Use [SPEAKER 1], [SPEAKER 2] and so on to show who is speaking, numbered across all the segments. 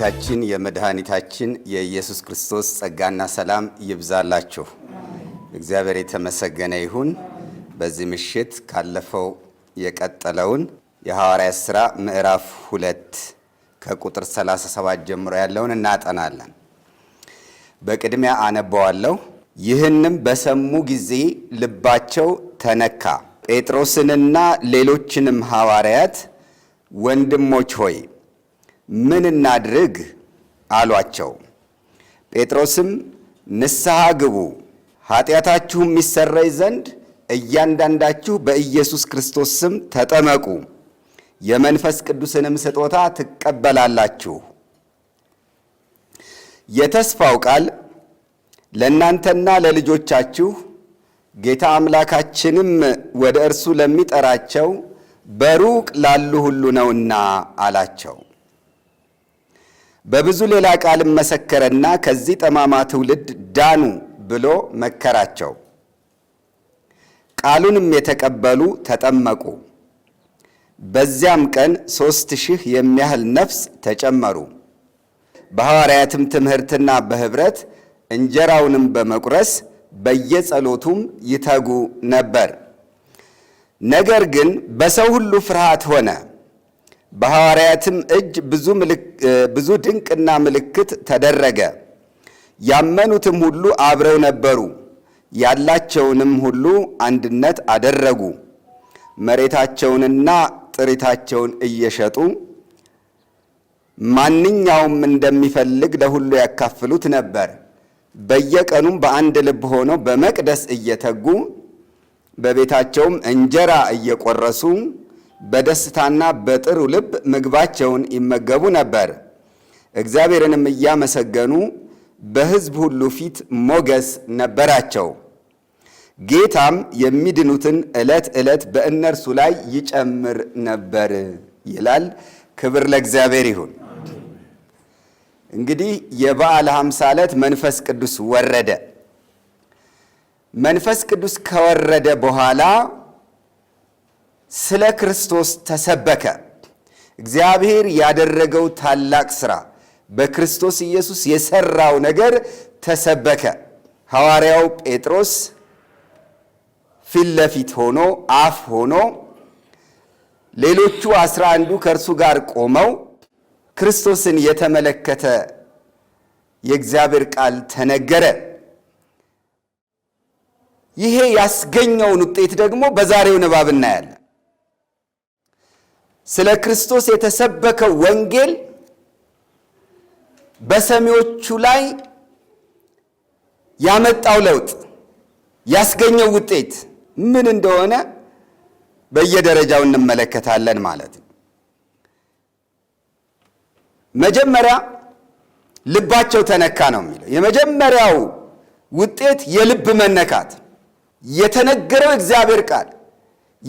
[SPEAKER 1] የጌታችን የመድኃኒታችን የኢየሱስ ክርስቶስ ጸጋና ሰላም ይብዛላችሁ። እግዚአብሔር የተመሰገነ ይሁን። በዚህ ምሽት ካለፈው የቀጠለውን የሐዋርያት ሥራ ምዕራፍ ሁለት ከቁጥር 37 ጀምሮ ያለውን እናጠናለን። በቅድሚያ አነበዋለሁ። ይህንም በሰሙ ጊዜ ልባቸው ተነካ። ጴጥሮስንና ሌሎችንም ሐዋርያት ወንድሞች ሆይ ምን እናድርግ አሏቸው። ጴጥሮስም ንስሐ ግቡ፣ ኃጢአታችሁም ይሰረይ ዘንድ እያንዳንዳችሁ በኢየሱስ ክርስቶስ ስም ተጠመቁ፣ የመንፈስ ቅዱስንም ስጦታ ትቀበላላችሁ። የተስፋው ቃል ለእናንተና ለልጆቻችሁ ጌታ አምላካችንም ወደ እርሱ ለሚጠራቸው በሩቅ ላሉ ሁሉ ነውና አላቸው። በብዙ ሌላ ቃልም መሰከረና ከዚህ ጠማማ ትውልድ ዳኑ ብሎ መከራቸው። ቃሉንም የተቀበሉ ተጠመቁ። በዚያም ቀን ሦስት ሺህ የሚያህል ነፍስ ተጨመሩ። በሐዋርያትም ትምህርትና በኅብረት እንጀራውንም በመቁረስ በየጸሎቱም ይተጉ ነበር። ነገር ግን በሰው ሁሉ ፍርሃት ሆነ። በሐዋርያትም እጅ ብዙ ድንቅና ምልክት ተደረገ። ያመኑትም ሁሉ አብረው ነበሩ፣ ያላቸውንም ሁሉ አንድነት አደረጉ። መሬታቸውንና ጥሪታቸውን እየሸጡ ማንኛውም እንደሚፈልግ ለሁሉ ያካፍሉት ነበር። በየቀኑም በአንድ ልብ ሆነው በመቅደስ እየተጉ በቤታቸውም እንጀራ እየቆረሱ በደስታና በጥሩ ልብ ምግባቸውን ይመገቡ ነበር። እግዚአብሔርንም እያመሰገኑ በሕዝብ ሁሉ ፊት ሞገስ ነበራቸው። ጌታም የሚድኑትን ዕለት ዕለት በእነርሱ ላይ ይጨምር ነበር ይላል። ክብር ለእግዚአብሔር ይሁን። እንግዲህ የበዓለ ሃምሳ ዕለት መንፈስ ቅዱስ ወረደ። መንፈስ ቅዱስ ከወረደ በኋላ ስለ ክርስቶስ ተሰበከ። እግዚአብሔር ያደረገው ታላቅ ሥራ፣ በክርስቶስ ኢየሱስ የሠራው ነገር ተሰበከ። ሐዋርያው ጴጥሮስ ፊት ለፊት ሆኖ አፍ ሆኖ ሌሎቹ አስራ አንዱ ከእርሱ ጋር ቆመው ክርስቶስን የተመለከተ የእግዚአብሔር ቃል ተነገረ። ይሄ ያስገኘውን ውጤት ደግሞ በዛሬው ንባብ እናያለን። ስለ ክርስቶስ የተሰበከው ወንጌል በሰሚዎቹ ላይ ያመጣው ለውጥ ያስገኘው ውጤት ምን እንደሆነ በየደረጃው እንመለከታለን ማለት ነው። መጀመሪያ ልባቸው ተነካ ነው የሚለው። የመጀመሪያው ውጤት የልብ መነካት የተነገረው እግዚአብሔር ቃል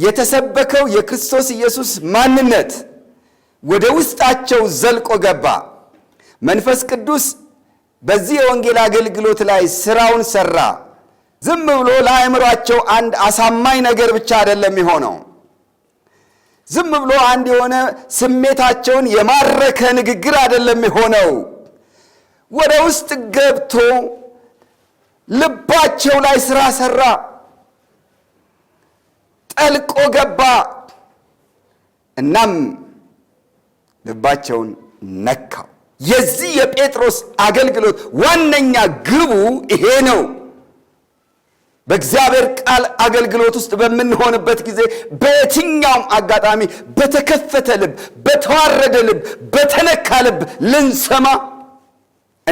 [SPEAKER 1] የተሰበከው የክርስቶስ ኢየሱስ ማንነት ወደ ውስጣቸው ዘልቆ ገባ። መንፈስ ቅዱስ በዚህ የወንጌል አገልግሎት ላይ ስራውን ሰራ። ዝም ብሎ ለአእምሯቸው አንድ አሳማኝ ነገር ብቻ አይደለም የሆነው። ዝም ብሎ አንድ የሆነ ስሜታቸውን የማረከ ንግግር አይደለም የሆነው። ወደ ውስጥ ገብቶ ልባቸው ላይ ስራ ሰራ። ዘልቆ ገባ። እናም ልባቸውን ነካው። የዚህ የጴጥሮስ አገልግሎት ዋነኛ ግቡ ይሄ ነው። በእግዚአብሔር ቃል አገልግሎት ውስጥ በምንሆንበት ጊዜ በየትኛውም አጋጣሚ በተከፈተ ልብ፣ በተዋረደ ልብ፣ በተነካ ልብ ልንሰማ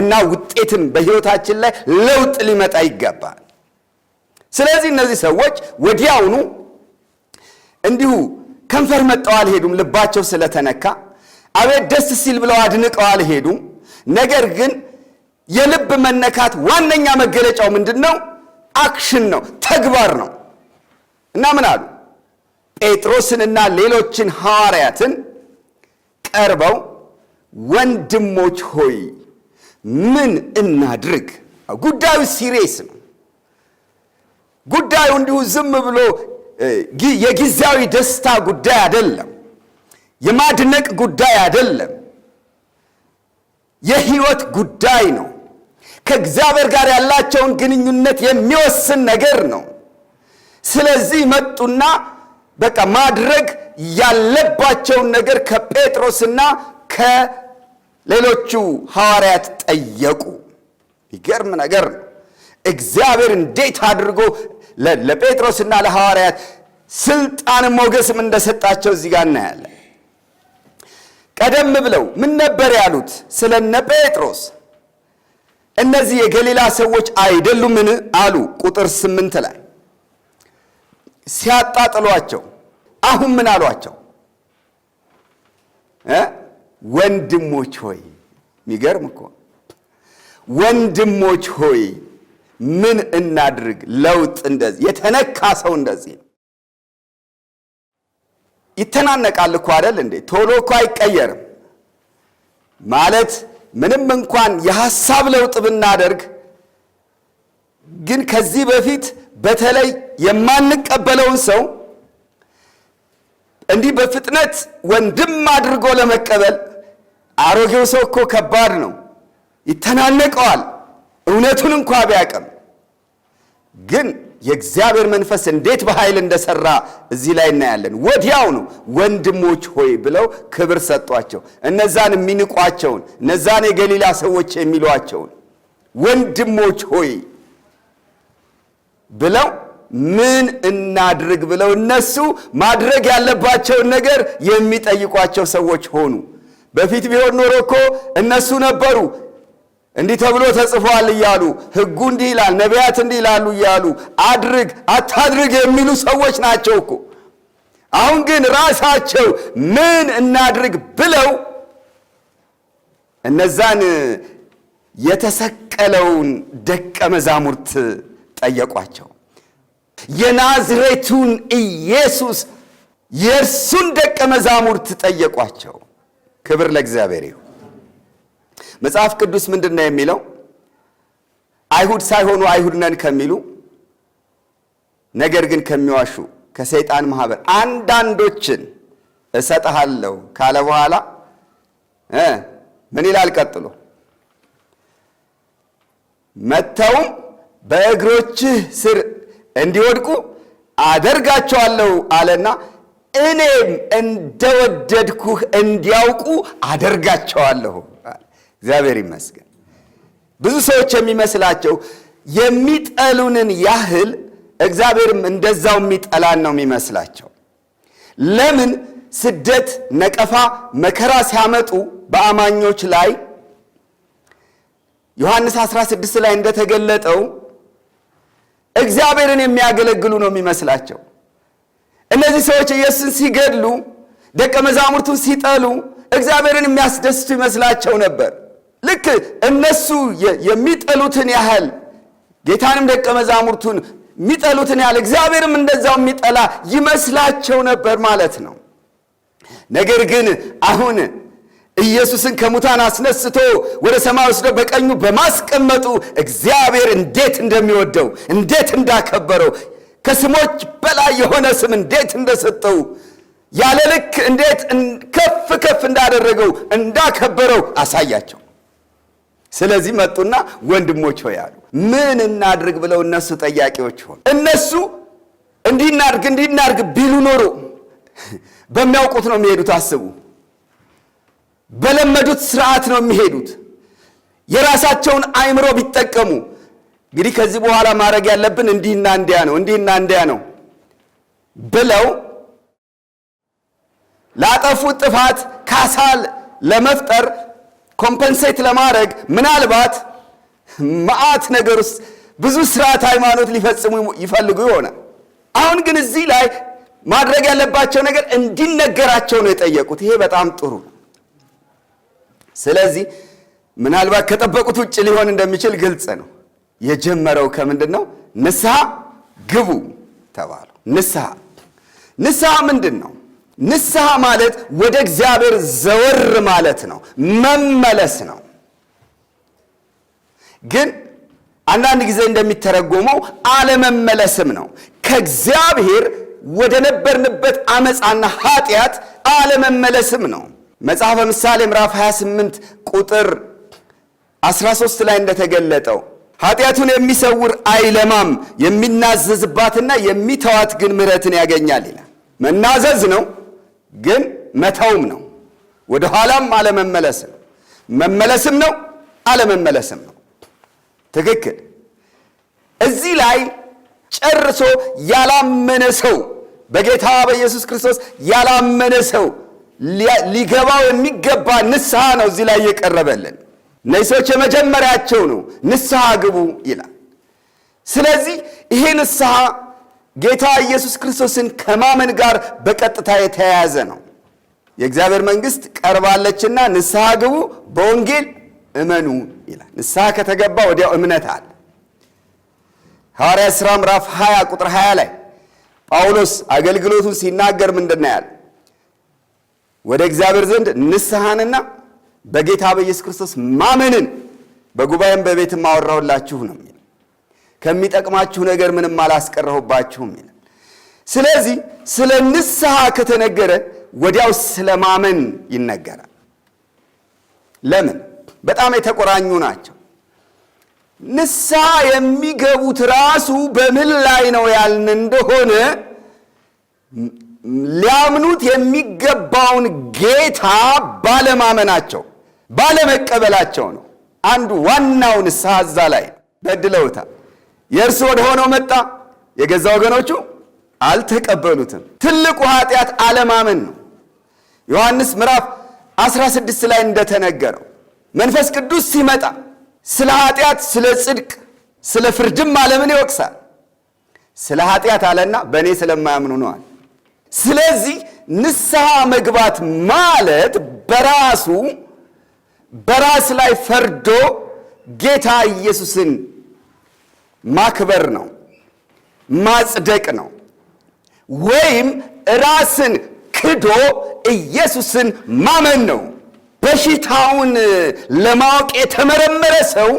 [SPEAKER 1] እና ውጤትም በሕይወታችን ላይ ለውጥ ሊመጣ ይገባል። ስለዚህ እነዚህ ሰዎች ወዲያውኑ እንዲሁ ከንፈር መጠው አልሄዱም፣ ልባቸው ስለተነካ አቤት ደስ ሲል ብለው አድንቀው አልሄዱም። ነገር ግን የልብ መነካት ዋነኛ መገለጫው ምንድን ነው? አክሽን ነው፣ ተግባር ነው። እና ምን አሉ? ጴጥሮስንና ሌሎችን ሐዋርያትን ቀርበው ወንድሞች ሆይ ምን እናድርግ? ጉዳዩ ሲሬስ ነው። ጉዳዩ እንዲሁ ዝም ብሎ የጊዜያዊ ደስታ ጉዳይ አይደለም። የማድነቅ ጉዳይ አይደለም። የህይወት ጉዳይ ነው። ከእግዚአብሔር ጋር ያላቸውን ግንኙነት የሚወስን ነገር ነው። ስለዚህ መጡና በቃ ማድረግ ያለባቸውን ነገር ከጴጥሮስና ከሌሎቹ ሐዋርያት ጠየቁ። ይገርም ነገር ነው። እግዚአብሔር እንዴት አድርጎ ለጴጥሮስና ለሐዋርያት ስልጣን ሞገስም እንደሰጣቸው እዚህ ጋር እናያለን። ቀደም ብለው ምን ነበር ያሉት? ስለነ ጴጥሮስ እነዚህ የገሊላ ሰዎች አይደሉምን አሉ። ቁጥር ስምንት ላይ ሲያጣጥሏቸው አሁን ምን አሏቸው? ወንድሞች ሆይ፣ የሚገርም እኮ ወንድሞች ሆይ ምን እናድርግ? ለውጥ እንደዚህ የተነካ ሰው እንደዚህ ነው። ይተናነቃል እኮ አይደል እንዴ? ቶሎ እኮ አይቀየርም ማለት ምንም እንኳን የሐሳብ ለውጥ ብናደርግ ግን ከዚህ በፊት በተለይ የማንቀበለውን ሰው እንዲህ በፍጥነት ወንድም አድርጎ ለመቀበል አሮጌው ሰው እኮ ከባድ ነው፣ ይተናነቀዋል። እውነቱን እንኳ ቢያቅም ግን የእግዚአብሔር መንፈስ እንዴት በኃይል እንደሰራ እዚህ ላይ እናያለን። ወዲያው ነው ወንድሞች ሆይ ብለው ክብር ሰጧቸው። እነዛን የሚንቋቸውን እነዛን የገሊላ ሰዎች የሚሏቸውን ወንድሞች ሆይ ብለው ምን እናድርግ ብለው እነሱ ማድረግ ያለባቸውን ነገር የሚጠይቋቸው ሰዎች ሆኑ። በፊት ቢሆን ኖሮ እኮ እነሱ ነበሩ እንዲህ ተብሎ ተጽፏል እያሉ ህጉ እንዲህ ይላል፣ ነቢያት እንዲህ ይላሉ እያሉ አድርግ አታድርግ የሚሉ ሰዎች ናቸው እኮ። አሁን ግን ራሳቸው ምን እናድርግ ብለው እነዛን የተሰቀለውን ደቀ መዛሙርት ጠየቋቸው። የናዝሬቱን ኢየሱስ የእርሱን ደቀ መዛሙርት ጠየቋቸው። ክብር ለእግዚአብሔር ይሁን። መጽሐፍ ቅዱስ ምንድን ነው የሚለው? አይሁድ ሳይሆኑ አይሁድ ነን ከሚሉ ነገር ግን ከሚዋሹ ከሰይጣን ማህበር አንዳንዶችን እሰጥሃለሁ ካለ በኋላ ምን ይላል ቀጥሎ? መጥተውም በእግሮችህ ስር እንዲወድቁ አደርጋቸዋለሁ አለና እኔም እንደወደድኩህ እንዲያውቁ አደርጋቸዋለሁ እግዚአብሔር ይመስገን። ብዙ ሰዎች የሚመስላቸው የሚጠሉንን ያህል እግዚአብሔርም እንደዛው የሚጠላን ነው የሚመስላቸው። ለምን ስደት፣ ነቀፋ፣ መከራ ሲያመጡ በአማኞች ላይ ዮሐንስ 16 ላይ እንደተገለጠው እግዚአብሔርን የሚያገለግሉ ነው የሚመስላቸው። እነዚህ ሰዎች ኢየሱስን ሲገድሉ፣ ደቀ መዛሙርቱን ሲጠሉ እግዚአብሔርን የሚያስደስቱ ይመስላቸው ነበር። ልክ እነሱ የሚጠሉትን ያህል ጌታንም ደቀ መዛሙርቱን የሚጠሉትን ያህል እግዚአብሔርም እንደዛው የሚጠላ ይመስላቸው ነበር ማለት ነው። ነገር ግን አሁን ኢየሱስን ከሙታን አስነስቶ ወደ ሰማይ ወስዶ በቀኙ በማስቀመጡ እግዚአብሔር እንዴት እንደሚወደው እንዴት እንዳከበረው ከስሞች በላይ የሆነ ስም እንዴት እንደሰጠው ያለ ልክ እንዴት ከፍ ከፍ እንዳደረገው እንዳከበረው አሳያቸው። ስለዚህ መጡና ወንድሞች ሆይ አሉ። ምን እናድርግ ብለው እነሱ ጠያቂዎች ሆኑ። እነሱ እንዲህ እናድርግ እንዲህ እናድርግ ቢሉ ኖሮ በሚያውቁት ነው የሚሄዱት። አስቡ፣ በለመዱት ስርዓት ነው የሚሄዱት። የራሳቸውን አእምሮ ቢጠቀሙ እንግዲህ ከዚህ በኋላ ማድረግ ያለብን እንዲህና እንዲያ ነው እንዲህና እንዲያ ነው ብለው ላጠፉት ጥፋት ካሳል ለመፍጠር ኮምፐንሴት ለማድረግ ምናልባት መዓት ነገር ውስጥ ብዙ ስርዓት ሃይማኖት ሊፈጽሙ ይፈልጉ ይሆናል። አሁን ግን እዚህ ላይ ማድረግ ያለባቸው ነገር እንዲነገራቸው ነው የጠየቁት። ይሄ በጣም ጥሩ ነው። ስለዚህ ምናልባት ከጠበቁት ውጭ ሊሆን እንደሚችል ግልጽ ነው። የጀመረው ከምንድን ነው? ንስሐ ግቡ ተባሉ። ንስሐ ንስሐ ምንድን ነው? ንስሐ ማለት ወደ እግዚአብሔር ዘወር ማለት ነው፣ መመለስ ነው። ግን አንዳንድ ጊዜ እንደሚተረጎመው አለመመለስም ነው። ከእግዚአብሔር ወደ ነበርንበት አመፃና ኃጢአት አለመመለስም ነው። መጽሐፈ ምሳሌ ምዕራፍ 28 ቁጥር 13 ላይ እንደተገለጠው ኃጢአቱን የሚሰውር አይለማም፣ የሚናዘዝባትና የሚተዋት ግን ምሕረትን ያገኛል ይላል። መናዘዝ ነው ግን መተውም ነው፣ ወደ ኋላም አለመመለስም፣ መመለስም ነው፣ አለመመለስም ነው። ትክክል። እዚህ ላይ ጨርሶ ያላመነ ሰው በጌታ በኢየሱስ ክርስቶስ ያላመነ ሰው ሊገባው የሚገባ ንስሐ ነው እዚህ ላይ እየቀረበልን። እነዚህ ሰዎች የመጀመሪያቸው ነው፣ ንስሐ ግቡ ይላል። ስለዚህ ይሄ ንስሐ ጌታ ኢየሱስ ክርስቶስን ከማመን ጋር በቀጥታ የተያያዘ ነው። የእግዚአብሔር መንግሥት ቀርባለችና ንስሐ ግቡ፣ በወንጌል እመኑ ይላል። ንስሐ ከተገባ ወዲያው እምነት አለ። ሐዋርያ ሥራ ምዕራፍ 20 ቁጥር 20 ላይ ጳውሎስ አገልግሎቱን ሲናገር ምንድን ነው ወደ እግዚአብሔር ዘንድ ንስሐንና በጌታ በኢየሱስ ክርስቶስ ማመንን በጉባኤም በቤትም አወራሁላችሁ ነው የሚለው። ከሚጠቅማችሁ ነገር ምንም አላስቀረሁባችሁም ይላል። ስለዚህ ስለ ንስሐ ከተነገረ ወዲያው ስለ ማመን ይነገራል። ለምን? በጣም የተቆራኙ ናቸው። ንስሐ የሚገቡት ራሱ በምን ላይ ነው ያልን እንደሆነ ሊያምኑት የሚገባውን ጌታ ባለማመናቸው ባለመቀበላቸው ነው። አንዱ ዋናው ንስሐ እዛ ላይ በድለውታል። የእርሱ ወደ ሆነው መጣ፣ የገዛ ወገኖቹ አልተቀበሉትም። ትልቁ ኃጢአት አለማመን ነው። ዮሐንስ ምዕራፍ 16 ላይ እንደተነገረው መንፈስ ቅዱስ ሲመጣ ስለ ኃጢአት፣ ስለ ጽድቅ፣ ስለ ፍርድም ዓለምን ይወቅሳል። ስለ ኃጢአት አለና በእኔ ስለማያምኑ ነዋል። ስለዚህ ንስሐ መግባት ማለት በራሱ በራስ ላይ ፈርዶ ጌታ ኢየሱስን ማክበር ነው፣ ማጽደቅ ነው። ወይም ራስን ክዶ ኢየሱስን ማመን ነው። በሽታውን ለማወቅ የተመረመረ ሰው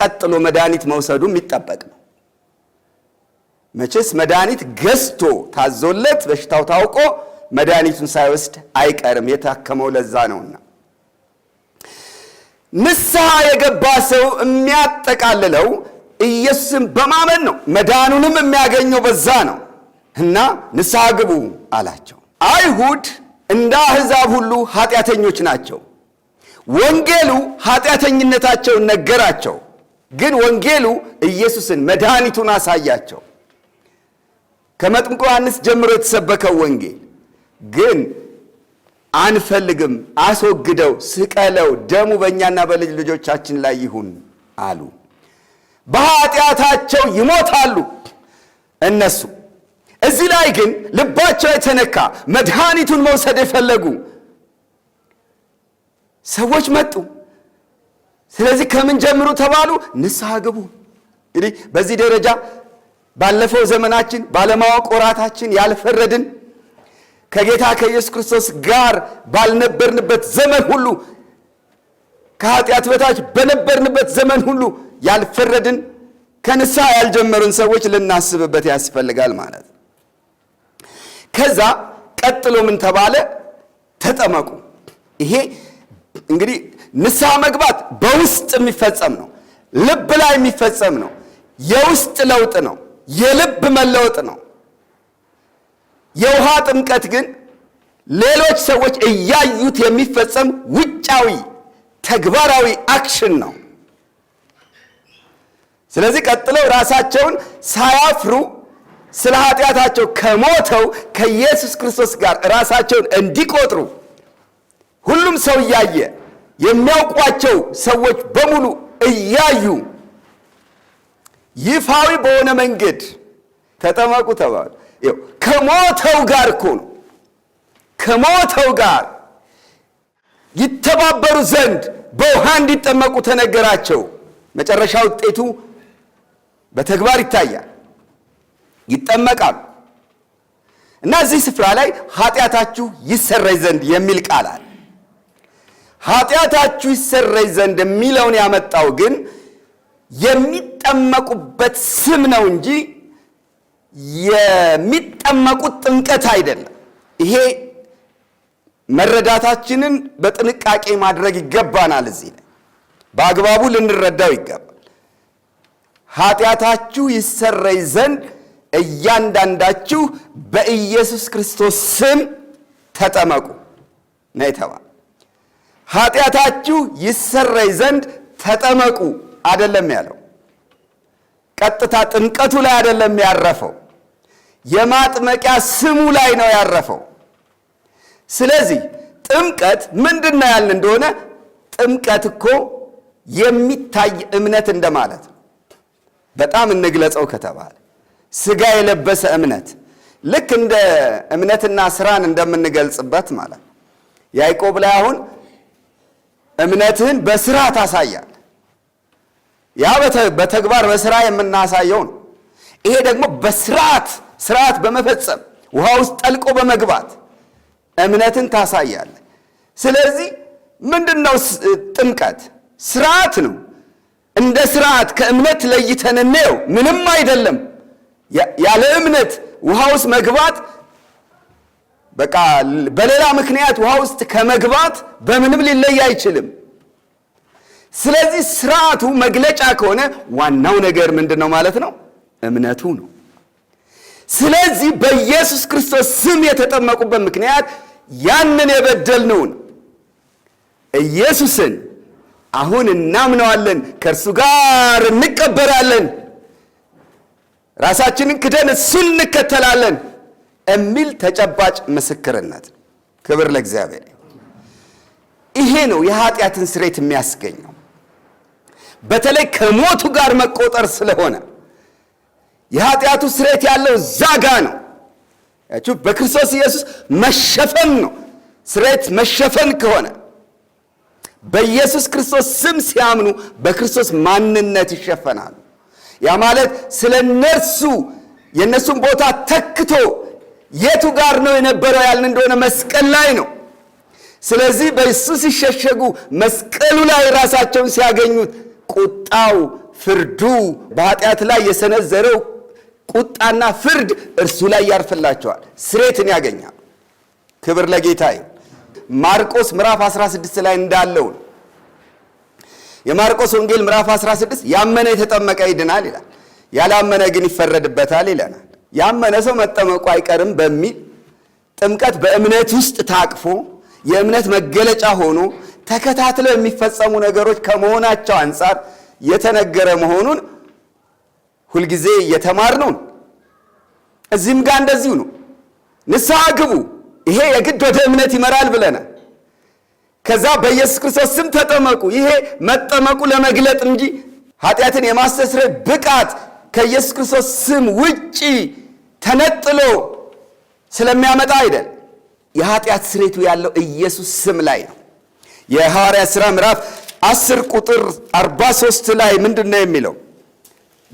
[SPEAKER 1] ቀጥሎ መድኃኒት መውሰዱ የሚጠበቅ ነው። መቼስ መድኃኒት ገዝቶ ታዞለት በሽታው ታውቆ መድኃኒቱን ሳይወስድ አይቀርም። የታከመው ለዛ ነውና ንስሐ የገባ ሰው የሚያጠቃልለው ኢየሱስን በማመን ነው። መዳኑንም የሚያገኘው በዛ ነው እና ንስሐ ግቡ አላቸው። አይሁድ እንደ አሕዛብ ሁሉ ኃጢአተኞች ናቸው። ወንጌሉ ኃጢአተኝነታቸውን ነገራቸው። ግን ወንጌሉ ኢየሱስን መድኃኒቱን አሳያቸው። ከመጥምቁ ዮሐንስ ጀምሮ የተሰበከው ወንጌል ግን አንፈልግም፣ አስወግደው፣ ስቀለው፣ ደሙ በእኛና በልጅ ልጆቻችን ላይ ይሁን አሉ። በኃጢአታቸው ይሞታሉ እነሱ። እዚህ ላይ ግን ልባቸው የተነካ መድኃኒቱን መውሰድ የፈለጉ ሰዎች መጡ። ስለዚህ ከምን ጀምሩ ተባሉ? ንስሐ ግቡ። እንግዲህ በዚህ ደረጃ ባለፈው ዘመናችን ባለማወቅ ወራታችን ያልፈረድን ከጌታ ከኢየሱስ ክርስቶስ ጋር ባልነበርንበት ዘመን ሁሉ ከኃጢአት በታች በነበርንበት ዘመን ሁሉ ያልፈረድን ከንስሐ ያልጀመሩን ሰዎች ልናስብበት ያስፈልጋል ማለት ነው። ከዛ ቀጥሎ ምን ተባለ? ተጠመቁ። ይሄ እንግዲህ ንስሐ መግባት በውስጥ የሚፈጸም ነው፣ ልብ ላይ የሚፈጸም ነው፣ የውስጥ ለውጥ ነው፣ የልብ መለወጥ ነው። የውሃ ጥምቀት ግን ሌሎች ሰዎች እያዩት የሚፈጸም ውጫዊ ተግባራዊ አክሽን ነው። ስለዚህ ቀጥለው ራሳቸውን ሳያፍሩ ስለ ኃጢአታቸው ከሞተው ከኢየሱስ ክርስቶስ ጋር ራሳቸውን እንዲቆጥሩ ሁሉም ሰው እያየ የሚያውቋቸው ሰዎች በሙሉ እያዩ ይፋዊ በሆነ መንገድ ተጠመቁ ተባሉ። ከሞተው ጋር እኮ ነው። ከሞተው ጋር ይተባበሩ ዘንድ በውሃ እንዲጠመቁ ተነገራቸው። መጨረሻ ውጤቱ በተግባር ይታያል፣ ይጠመቃሉ። እና እዚህ ስፍራ ላይ ኃጢአታችሁ ይሰረይ ዘንድ የሚል ቃል አለ። ኃጢአታችሁ ይሰረይ ዘንድ የሚለውን ያመጣው ግን የሚጠመቁበት ስም ነው እንጂ የሚጠመቁት ጥምቀት አይደለም። ይሄ መረዳታችንን በጥንቃቄ ማድረግ ይገባናል። እዚህ ላይ በአግባቡ ልንረዳው ይገባል። ኃጢአታችሁ ይሰረይ ዘንድ እያንዳንዳችሁ በኢየሱስ ክርስቶስ ስም ተጠመቁ ነው የተባለ። ኃጢአታችሁ ይሰረይ ዘንድ ተጠመቁ አይደለም ያለው። ቀጥታ ጥምቀቱ ላይ አይደለም ያረፈው፣ የማጥመቂያ ስሙ ላይ ነው ያረፈው። ስለዚህ ጥምቀት ምንድን ነው ያልን እንደሆነ ጥምቀት እኮ የሚታይ እምነት እንደማለት ነው። በጣም እንግለጸው ከተባለ ስጋ የለበሰ እምነት ልክ እንደ እምነትና ስራን እንደምንገልጽበት ማለት ነው። ያዕቆብ ላይ አሁን እምነትህን በስራ ታሳያል። ያ በተግባር በስራ የምናሳየው ነው። ይሄ ደግሞ በስርዓት ስርዓት በመፈጸም ውሃ ውስጥ ጠልቆ በመግባት እምነትን ታሳያለ። ስለዚህ ምንድን ነው ጥምቀት? ስርዓት ነው። እንደ ስርዓት ከእምነት ለይተን እንየው። ምንም አይደለም። ያለ እምነት ውሃ ውስጥ መግባት በቃ በሌላ ምክንያት ውሃ ውስጥ ከመግባት በምንም ሊለይ አይችልም። ስለዚህ ስርዓቱ መግለጫ ከሆነ ዋናው ነገር ምንድን ነው ማለት ነው? እምነቱ ነው። ስለዚህ በኢየሱስ ክርስቶስ ስም የተጠመቁበት ምክንያት ያንን የበደልነውን ኢየሱስን አሁን እናምነዋለን፣ ከእርሱ ጋር እንቀበራለን፣ ራሳችንን ክደን እሱን እንከተላለን የሚል ተጨባጭ ምስክርነት። ክብር ለእግዚአብሔር። ይሄ ነው የኃጢአትን ስሬት የሚያስገኘው በተለይ ከሞቱ ጋር መቆጠር ስለሆነ የኃጢአቱ ስሬት ያለው እዛ ጋ ነው። ያችሁ በክርስቶስ ኢየሱስ መሸፈን ነው። ስሬት መሸፈን ከሆነ በኢየሱስ ክርስቶስ ስም ሲያምኑ በክርስቶስ ማንነት ይሸፈናሉ። ያ ማለት ስለ እነርሱ የእነሱን ቦታ ተክቶ የቱ ጋር ነው የነበረው ያልን እንደሆነ መስቀል ላይ ነው። ስለዚህ በእሱ ሲሸሸጉ መስቀሉ ላይ ራሳቸውን ሲያገኙት ቁጣው፣ ፍርዱ በኃጢአት ላይ የሰነዘረው ቁጣና ፍርድ እርሱ ላይ ያርፍላቸዋል። ስሬትን ያገኛል። ክብር ለጌታዬ። ማርቆስ ምዕራፍ 16 ላይ እንዳለው የማርቆስ ወንጌል ምዕራፍ 16 ያመነ የተጠመቀ ይድናል ይላል፣ ያላመነ ግን ይፈረድበታል ይለናል። ያመነ ሰው መጠመቁ አይቀርም በሚል ጥምቀት በእምነት ውስጥ ታቅፎ የእምነት መገለጫ ሆኖ ተከታትለው የሚፈጸሙ ነገሮች ከመሆናቸው አንጻር የተነገረ መሆኑን ሁልጊዜ እየተማር ነው። እዚህም ጋር እንደዚሁ ነው። ንስሐ ግቡ ይሄ የግድ ወደ እምነት ይመራል ብለናል። ከዛ በኢየሱስ ክርስቶስ ስም ተጠመቁ። ይሄ መጠመቁ ለመግለጥ እንጂ ኃጢአትን የማስተስረድ ብቃት ከኢየሱስ ክርስቶስ ስም ውጪ ተነጥሎ ስለሚያመጣ አይደል። የኃጢአት ስሬቱ ያለው ኢየሱስ ስም ላይ ነው። የሐዋርያ ሥራ ምዕራፍ 10 ቁጥር 43 ላይ ምንድን ነው የሚለው?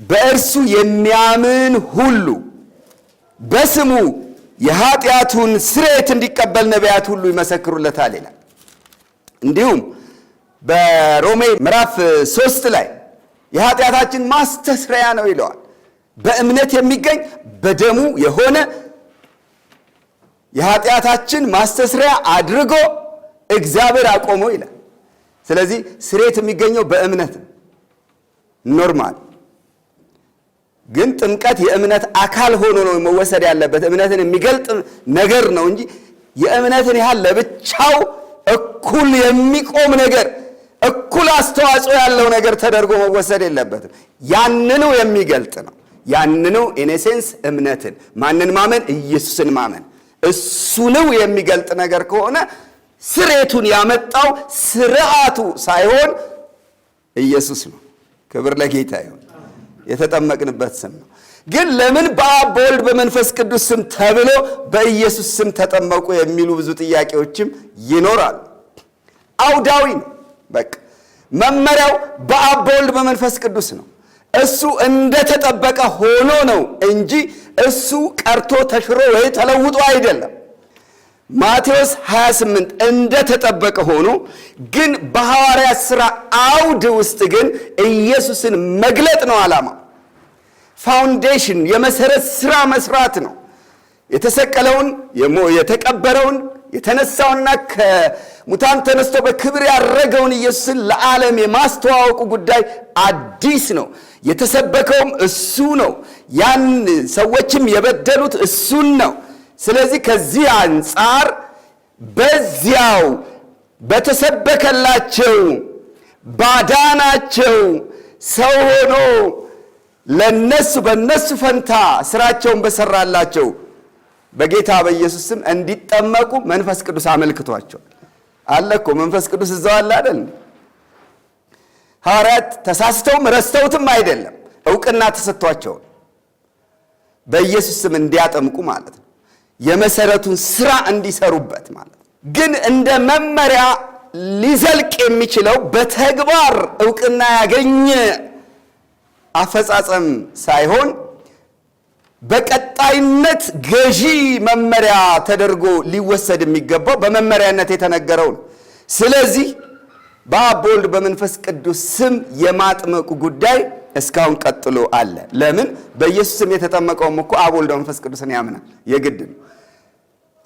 [SPEAKER 1] በእርሱ የሚያምን ሁሉ በስሙ የኃጢአቱን ስርየት እንዲቀበል ነቢያት ሁሉ ይመሰክሩለታል ይላል። እንዲሁም በሮሜ ምዕራፍ ሶስት ላይ የኃጢአታችን ማስተስረያ ነው ይለዋል። በእምነት የሚገኝ በደሙ የሆነ የኃጢአታችን ማስተስሪያ አድርጎ እግዚአብሔር አቆመው ይላል። ስለዚህ ስሬት የሚገኘው በእምነት ኖርማል ግን ጥምቀት የእምነት አካል ሆኖ ነው መወሰድ ያለበት። እምነትን የሚገልጥ ነገር ነው እንጂ የእምነትን ያህል ለብቻው እኩል የሚቆም ነገር፣ እኩል አስተዋጽኦ ያለው ነገር ተደርጎ መወሰድ የለበትም። ያንኑ የሚገልጥ ነው። ያንኑ ኢኔሴንስ እምነትን ማንን ማመን? ኢየሱስን ማመን እሱንው የሚገልጥ ነገር ከሆነ ስሬቱን ያመጣው ስርዓቱ ሳይሆን ኢየሱስ ነው። ክብር ለጌታ ይሁን። የተጠመቅንበት ስም ነው። ግን ለምን በአብ በወልድ በመንፈስ ቅዱስ ስም ተብሎ በኢየሱስ ስም ተጠመቁ የሚሉ ብዙ ጥያቄዎችም ይኖራሉ። አውዳዊ ነው። በቃ መመሪያው በአብ በወልድ በመንፈስ ቅዱስ ነው። እሱ እንደተጠበቀ ሆኖ ነው እንጂ እሱ ቀርቶ ተሽሮ ወይ ተለውጦ አይደለም። ማቴዎስ 28 እንደተጠበቀ ሆኖ ግን በሐዋርያ ሥራ አውድ ውስጥ ግን ኢየሱስን መግለጥ ነው ዓላማ። ፋውንዴሽን የመሠረት ሥራ መስራት ነው። የተሰቀለውን፣ የተቀበረውን፣ የተነሳውና ከሙታን ተነስቶ በክብር ያረገውን ኢየሱስን ለዓለም የማስተዋወቁ ጉዳይ አዲስ ነው። የተሰበከውም እሱ ነው። ያን ሰዎችም የበደሉት እሱን ነው። ስለዚህ ከዚህ አንጻር በዚያው በተሰበከላቸው ባዳናቸው ሰው ሆኖ ለነሱ በነሱ ፈንታ ስራቸውን በሰራላቸው በጌታ በኢየሱስ ስም እንዲጠመቁ መንፈስ ቅዱስ አመልክቷቸዋል። አለ እኮ መንፈስ ቅዱስ እዛው አለ አይደል? ሐዋርያት ተሳስተውም ረስተውትም አይደለም፣ እውቅና ተሰጥቷቸውን በኢየሱስ ስም እንዲያጠምቁ ማለት ነው። የመሰረቱን ስራ እንዲሰሩበት ማለት ግን እንደ መመሪያ ሊዘልቅ የሚችለው በተግባር እውቅና ያገኘ አፈጻጸም ሳይሆን በቀጣይነት ገዢ መመሪያ ተደርጎ ሊወሰድ የሚገባው በመመሪያነት የተነገረው ነው። ስለዚህ በአብ በወልድ በመንፈስ ቅዱስ ስም የማጥመቁ ጉዳይ እስካሁን ቀጥሎ አለ። ለምን በኢየሱስም የተጠመቀውም እኮ አብ ወልድ መንፈስ ቅዱስን ያምናል። የግድ ነው።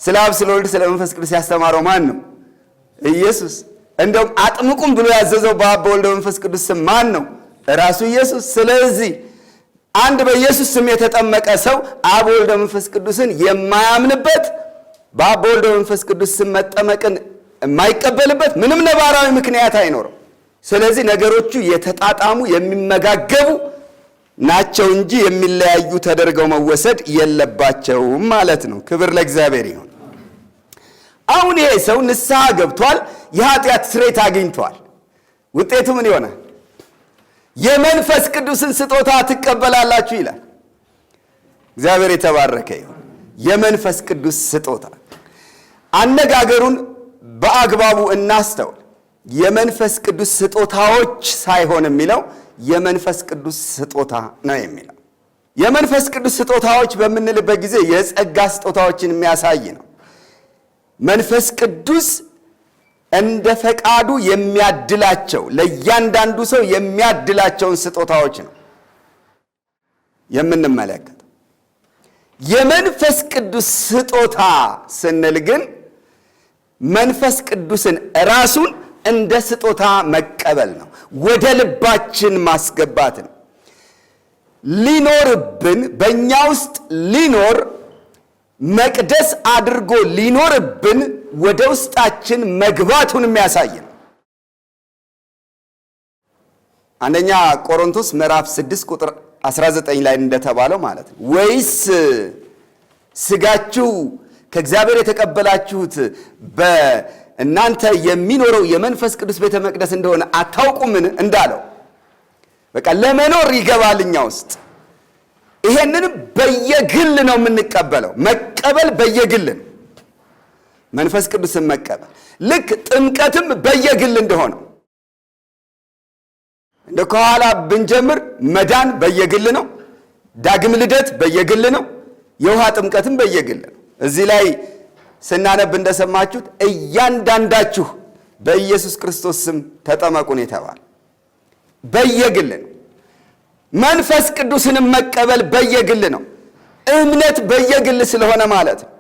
[SPEAKER 1] ስለ አብ ስለ ወልድ ስለ መንፈስ ቅዱስ ያስተማረው ማን ነው? ኢየሱስ። እንደውም አጥምቁም ብሎ ያዘዘው በአብ በወልድ መንፈስ ቅዱስ ስም ማን ነው? ራሱ ኢየሱስ። ስለዚህ አንድ በኢየሱስ ስም የተጠመቀ ሰው አብ ወልደ መንፈስ ቅዱስን የማያምንበት በአብ በወልደ መንፈስ ቅዱስ ስም መጠመቅን የማይቀበልበት ምንም ነባራዊ ምክንያት አይኖረው። ስለዚህ ነገሮቹ የተጣጣሙ የሚመጋገቡ ናቸው እንጂ የሚለያዩ ተደርገው መወሰድ የለባቸውም ማለት ነው። ክብር ለእግዚአብሔር ይሁን። አሁን ይሄ ሰው ንስሐ ገብቷል፣ የኃጢአት ስሬት አግኝቷል። ውጤቱ ምን ይሆናል? የመንፈስ ቅዱስን ስጦታ ትቀበላላችሁ ይላል። እግዚአብሔር የተባረከ ይሁን። የመንፈስ ቅዱስ ስጦታ አነጋገሩን በአግባቡ እናስተው። የመንፈስ ቅዱስ ስጦታዎች ሳይሆን የሚለው የመንፈስ ቅዱስ ስጦታ ነው የሚለው። የመንፈስ ቅዱስ ስጦታዎች በምንልበት ጊዜ የጸጋ ስጦታዎችን የሚያሳይ ነው። መንፈስ ቅዱስ እንደ ፈቃዱ የሚያድላቸው ለእያንዳንዱ ሰው የሚያድላቸውን ስጦታዎች ነው የምንመለከተው። የመንፈስ ቅዱስ ስጦታ ስንል ግን መንፈስ ቅዱስን ራሱን እንደ ስጦታ መቀበል ነው፣ ወደ ልባችን ማስገባት ነው። ሊኖርብን በእኛ ውስጥ ሊኖር መቅደስ አድርጎ ሊኖርብን ወደ ውስጣችን መግባቱን ነው። አንደኛ ቆሮንቶስ ምዕራፍ 6 ቁጥር 19 ላይ እንደተባለው ማለት ነው። ወይስ ስጋችሁ ከእግዚአብሔር የተቀበላችሁት በ እናንተ የሚኖረው የመንፈስ ቅዱስ ቤተ መቅደስ እንደሆነ አታውቁምን እንዳለው በቃ ለመኖር ይገባል እኛ ውስጥ። ይሄንን በየግል ነው የምንቀበለው። መቀበል በየግል ነው፣ መንፈስ ቅዱስን መቀበል ልክ ጥምቀትም በየግል እንደሆነው እንደ ከኋላ ብንጀምር መዳን በየግል ነው። ዳግም ልደት በየግል ነው። የውሃ ጥምቀትም በየግል ነው። እዚህ ላይ ስናነብ እንደሰማችሁት እያንዳንዳችሁ በኢየሱስ ክርስቶስ ስም ተጠመቁን የተባለ በየግል ነው። መንፈስ ቅዱስንም መቀበል በየግል ነው። እምነት በየግል ስለሆነ ማለት ነው።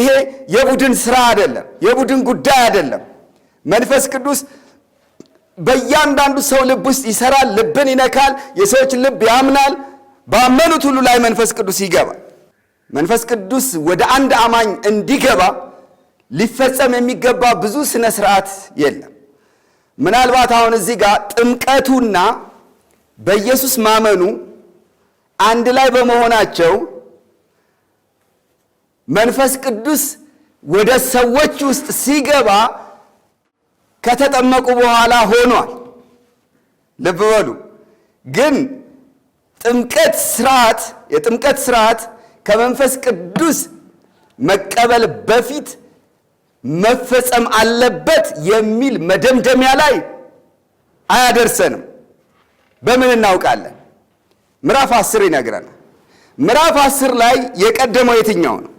[SPEAKER 1] ይሄ የቡድን ስራ አይደለም፣ የቡድን ጉዳይ አይደለም። መንፈስ ቅዱስ በእያንዳንዱ ሰው ልብ ውስጥ ይሰራል፣ ልብን ይነካል፣ የሰዎችን ልብ ያምናል። ባመኑት ሁሉ ላይ መንፈስ ቅዱስ ይገባል። መንፈስ ቅዱስ ወደ አንድ አማኝ እንዲገባ ሊፈጸም የሚገባ ብዙ ስነ ስርዓት የለም። ምናልባት አሁን እዚህ ጋር ጥምቀቱና በኢየሱስ ማመኑ አንድ ላይ በመሆናቸው መንፈስ ቅዱስ ወደ ሰዎች ውስጥ ሲገባ ከተጠመቁ በኋላ ሆኗል። ልብ በሉ ግን ጥምቀት ስርዓት የጥምቀት ስርዓት ከመንፈስ ቅዱስ መቀበል በፊት መፈጸም አለበት የሚል መደምደሚያ ላይ አያደርሰንም። በምን እናውቃለን? ምዕራፍ አስር ይነግረናል። ምዕራፍ አስር ላይ የቀደመው የትኛው ነው?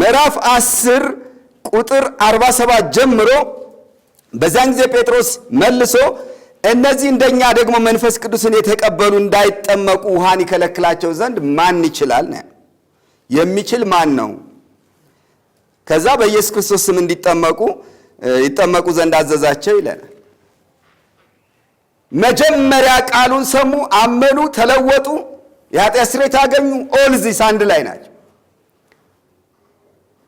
[SPEAKER 1] ምዕራፍ አስር ቁጥር 47 ጀምሮ በዚያን ጊዜ ጴጥሮስ መልሶ እነዚህ እንደኛ ደግሞ መንፈስ ቅዱስን የተቀበሉ እንዳይጠመቁ ውሃን ይከለክላቸው ዘንድ ማን ይችላል ነው የሚችል ማን ነው? ከዛ በኢየሱስ ክርስቶስ ስም እንዲጠመቁ ይጠመቁ ዘንድ አዘዛቸው ይለናል። መጀመሪያ ቃሉን ሰሙ፣ አመኑ፣ ተለወጡ፣ የኃጢአት ስርየት አገኙ። ኦልዚስ አንድ ላይ ናቸው።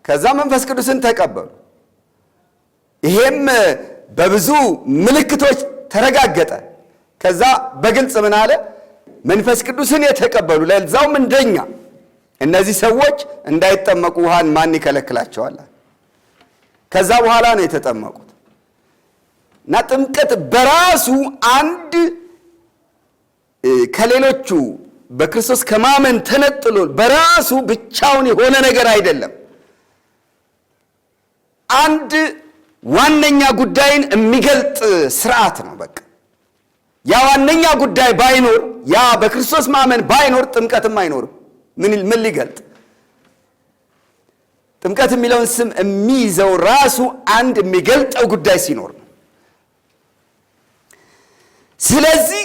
[SPEAKER 1] ከዛ መንፈስ ቅዱስን ተቀበሉ። ይሄም በብዙ ምልክቶች ተረጋገጠ። ከዛ በግልጽ ምን አለ? መንፈስ ቅዱስን የተቀበሉ ለዛውም እንደኛ እነዚህ ሰዎች እንዳይጠመቁ ውሃን ማን ይከለክላቸዋል? ከዛ በኋላ ነው የተጠመቁት። እና ጥምቀት በራሱ አንድ ከሌሎቹ በክርስቶስ ከማመን ተነጥሎ በራሱ ብቻውን የሆነ ነገር አይደለም። አንድ ዋነኛ ጉዳይን የሚገልጥ ስርዓት ነው። በቃ ያ ዋነኛ ጉዳይ ባይኖር፣ ያ በክርስቶስ ማመን ባይኖር ጥምቀትም አይኖርም። ምን ሊገልጥ ጥምቀት የሚለውን ስም የሚይዘው ራሱ አንድ የሚገልጠው ጉዳይ ሲኖር ነው። ስለዚህ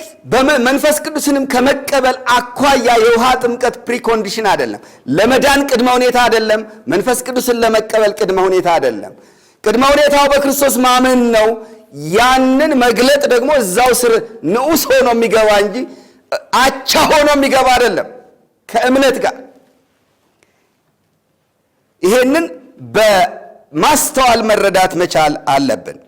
[SPEAKER 1] መንፈስ ቅዱስንም ከመቀበል አኳያ የውሃ ጥምቀት ፕሪኮንዲሽን አይደለም። ለመዳን ቅድመ ሁኔታ አይደለም። መንፈስ ቅዱስን ለመቀበል ቅድመ ሁኔታ አይደለም። ቅድመ ሁኔታው በክርስቶስ ማመን ነው። ያንን መግለጥ ደግሞ እዛው ስር ንዑስ ሆኖ የሚገባ እንጂ አቻ ሆኖ የሚገባ አይደለም። ከእምነት ጋር ይሄንን በማስተዋል መረዳት መቻል አለብን።